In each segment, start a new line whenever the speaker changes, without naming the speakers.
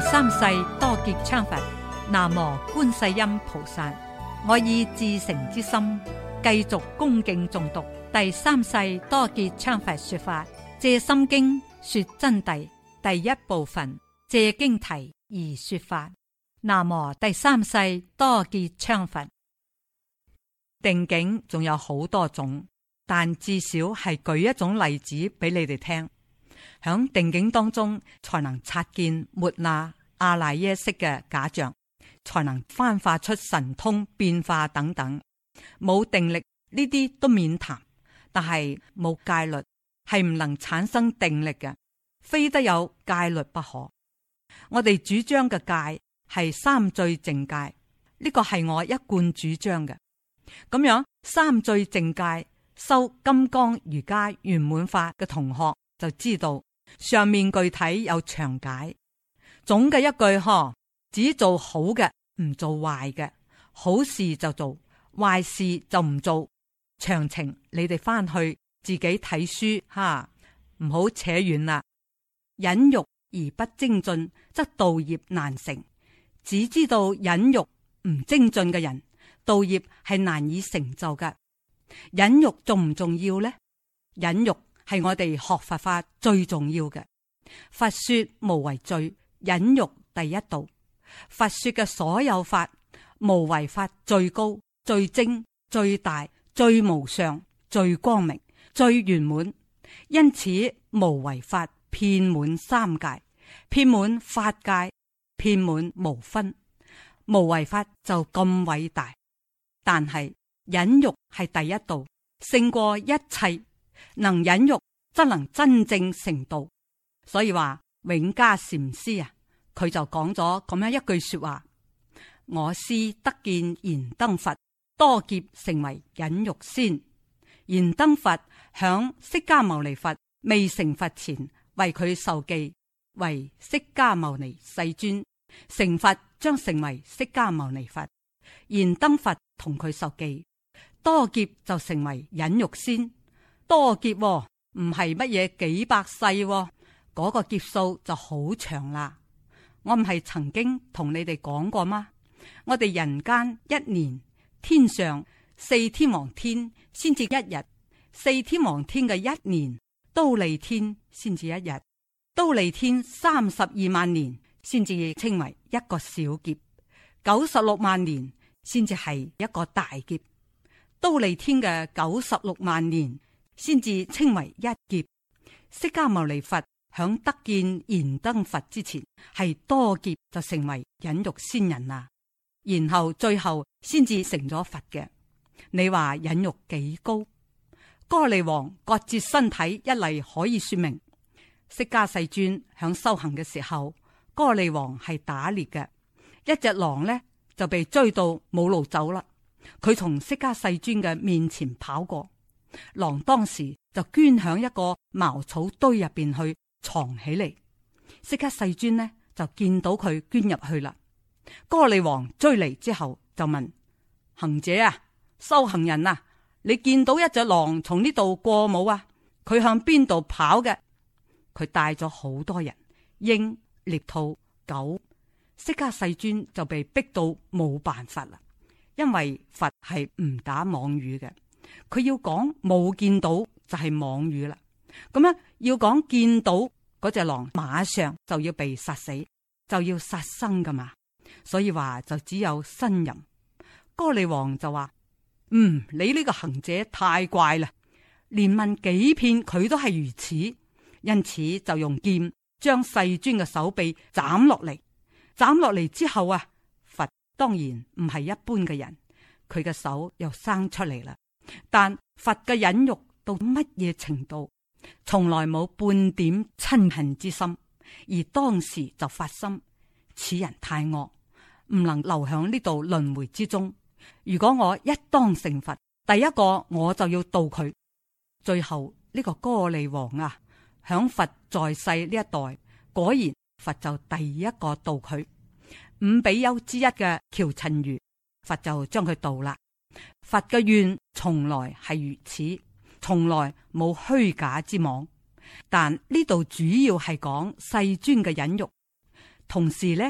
第三世多杰羌佛，南無觀世音菩薩。我以至誠之心，繼續恭敬誦讀第三世多杰羌佛說法《藉心經》說真諦第一部分《藉經題》而說法。南無第三世多杰羌佛。定境仲有好多種，但至少係舉一種例子俾你哋聽。響定境當中，才能察見末那阿賴耶識嘅假象，才能翻發出神通變化等等。冇定力呢啲都免談，但係冇戒律係唔能產生定力嘅，非得有戒律不可。我哋主張嘅戒係三聚淨戒，呢個係我一貫主張嘅。咁樣三聚淨戒修金剛瑜伽圓滿法嘅同學。就知道上面具體有詳解，總嘅一句呵，只做好嘅，唔做壞嘅，好事就做，壞事就唔做。詳情你哋返去自己睇書哈，唔好扯遠啦。忍辱而不精進，則道業難成。只知道忍辱唔精進嘅人，道業係難以成就嘅。忍辱重唔重要呢？忍辱。係我哋學佛法最重要嘅。佛說無為最，忍辱第一道。佛說嘅所有法無為法最高、最精、最大、最無上、最光明、最圓滿。因此無為法遍滿三界，遍滿法界，遍滿無分。無為法就咁偉大，但係忍辱係第一道，勝過一切。能忍辱，則能真正成道。所以話永嘉禪師啊，佢就講咗咁樣一句說話：我師得見燃燈佛，多劫成為忍辱仙。燃燈佛響釋迦牟尼佛未成佛前為佢受記，為釋迦牟尼世尊成佛，將成為釋迦牟尼佛。燃燈佛同佢受記多劫就成為忍辱仙。多劫唔係乜嘢幾百世，哦，嗰、嗰個劫數就好長啦。我唔係曾經同你哋講過嗎？我哋人間一年，天上四天王天先至一日，四天王天嘅一年，都利天先至一日，都利天三十二萬年先至稱為一個小劫，九十六萬年先至係一個大劫，都利天嘅九十六萬年。先至稱為一劫，釋迦牟尼佛響得見燃燈佛之前係多劫就成為忍辱仙人啦，然後最後先至成咗佛嘅。你話忍辱幾高？歌利王割截身體一例可以說明。釋迦世尊響修行嘅時候，歌利王係打獵嘅，一隻狼呢就被追到冇路走啦，佢從釋迦世尊嘅面前跑過。狼當時就捐響一個茅草堆入邊去藏起嚟，釋迦世尊呢就見到佢捐入去啦。哥利王追嚟之後就問行者啊，修行人啊，你見到一隻狼從呢度過冇啊？佢向邊度跑嘅？佢帶咗好多人，鷹、獵兔、狗。釋迦世尊就被逼到冇辦法啦，因為佛係唔打妄語嘅。佢要講冇見到就係、是、妄語啦，咁樣要講見到嗰隻狼，馬上就要被殺死，就要殺生噶嘛，所以話就只有信任。哥利王就話：嗯，你呢個行者太怪啦，連問幾遍佢都係如此，因此就用劍將世尊嘅手臂斬落嚟。斬落嚟之後啊，佛當然唔係一般嘅人，佢嘅手又生出嚟啦。但佛嘅忍辱到乜嘢程度，從來冇半點嗔恨之心，而當時就發心，此人太惡，唔能留響呢度輪迴之中。如果我一當成佛，第一個我就要度佢。最後呢個歌利王啊，響佛在世呢一代，果然佛就第一個度佢。五比丘之一嘅喬陳如，佛就將佢度啦。佛嘅願從來係如此，從來冇虛假之妄。但呢度主要係講世尊嘅忍辱，同時呢，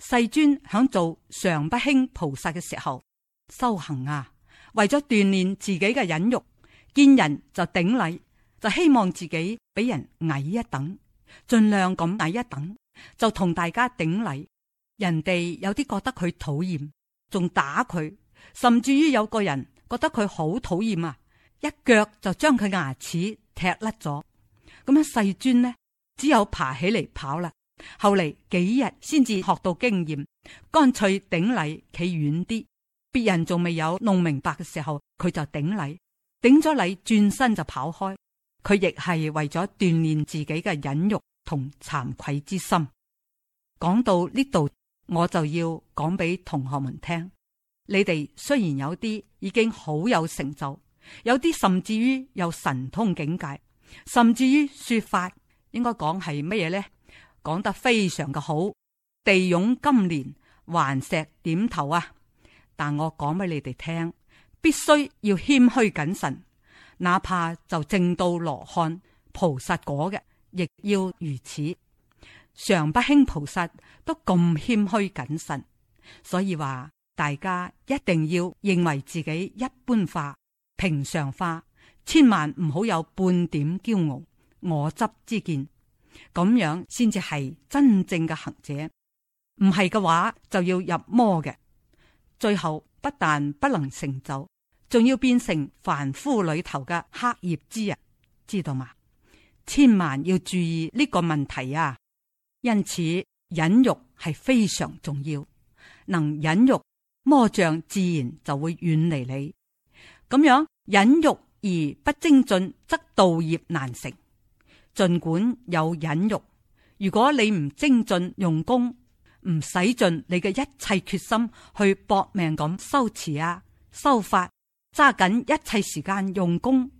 世尊響做常不輕菩薩嘅時候修行啊，為咗鍛煉自己嘅忍辱，見人就頂禮，就希望自己俾人矮一等，盡量咁矮一等，就同大家頂禮。人哋有啲覺得佢討厭，仲打佢。甚至於有個人覺得佢好討厭啊，一腳就將佢牙齒踢甩咗。咁樣細尊呢，只有爬起嚟跑啦。後嚟幾日先至學到經驗，乾脆頂禮企遠啲。別人仲未有弄明白嘅時候，佢就頂禮，頂咗禮轉身就跑開。佢亦係為咗鍛煉自己嘅忍辱同慚愧之心。講到呢度，我就要講俾同學們聽。你哋雖然有啲已經好有成就，有啲甚至於有神通境界，甚至於說法，應該講係乜嘢呢？講得非常嘅好，地湧金蓮，頑石點頭啊！但我講俾你哋聽，必須要謙虛謹慎，哪怕就證到羅漢、菩薩果嘅，亦要如此。常不輕菩薩都咁謙虛謹慎，所以話。大家一定要認為自己一般化、平常化，千萬唔好有半點驕傲、我執之見，咁樣先至係真正嘅行者。唔係嘅話就要入魔嘅，最後不但不能成就，仲要變成凡夫裏頭嘅黑業之人，知道嗎？千萬要注意呢個問題啊！因此忍辱係非常重要，能忍辱。魔障自然就會遠離你，咁樣忍辱而不精進，則道業難成。儘管有忍辱，如果你唔精進用功，唔使盡你嘅一切決心去搏命咁修持啊，修法，揸緊一切時間用功，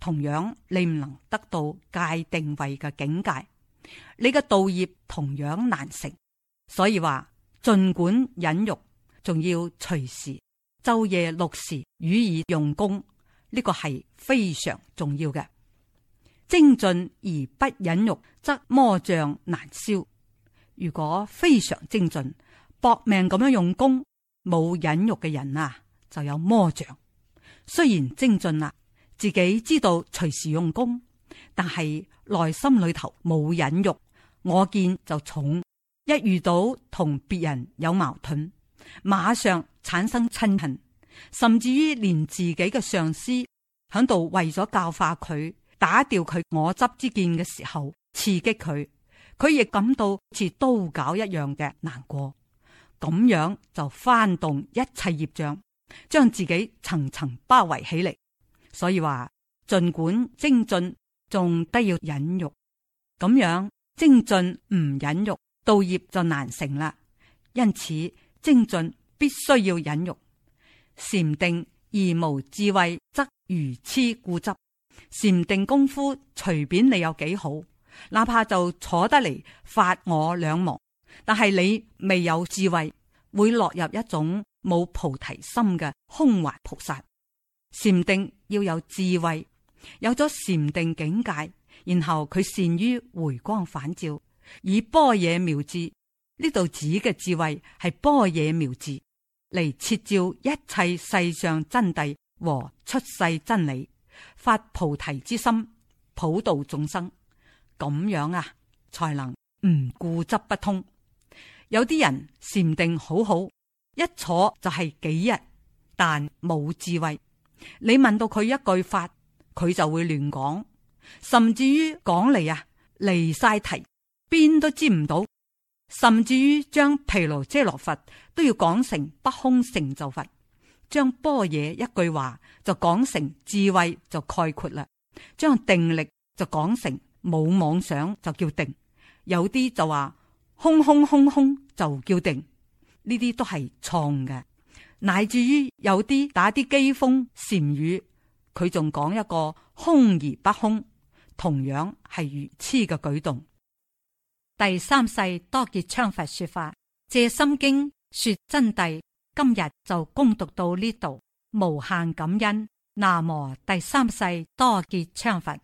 同樣你唔能得到界定位嘅境界，你嘅道業同樣難成。所以話，儘管忍辱。仲要隨時晝夜六時，予以用功，呢、這個係非常重要嘅。精進而不忍辱，則魔障難消。如果非常精進，搏命咁樣用功，冇忍辱嘅人啊，就有魔障。雖然精進啦、啊，自己知道隨時用功，但係內心裏頭冇忍辱，我見就重。一遇到同別人有矛盾。馬上產生嗔恨，甚至於連自己嘅上司喺度為咗教化佢，打掉佢我執之劍嘅時候，刺激佢，佢亦感到似刀絞一樣嘅難過。咁樣就翻動一切業障，將自己層層包圍起嚟。所以話，盡管精進，仲得要忍辱。咁樣精進唔忍辱，道業就難成啦。因此。精進必須要忍辱，禪定而無智慧，則如痴固執。禪定功夫隨便你有幾好，哪怕就坐得嚟法我兩忘，但係你未有智慧，會落入一種冇菩提心嘅空幻菩薩。禪定要有智慧，有咗禪定境界，然後佢善於回光返照，以般若妙智。呢度指嘅智慧係般若妙智嚟徹照一切世上真諦和出世真理，發菩提之心普度眾生，咁樣啊，才能唔固執不通。有啲人禪定好好，一坐就係幾日，但冇智慧。你問到佢一句法，佢就會亂講，甚至於講嚟啊離晒題，邊都知唔到。甚至於將毗盧遮那佛都要講成不空成就佛，將般若一句話就講成智慧就概括啦，將定力就講成冇妄想就叫定，有啲就話空空空空就叫定，呢啲都係錯嘅。乃至於有啲打啲機鋒禪語，佢仲講一個空而不空，同樣係愚癡嘅舉動。第三世多杰羌佛說法，藉心經說真諦，今日就恭讀到呢度，無限感恩。南無第三世多杰羌佛。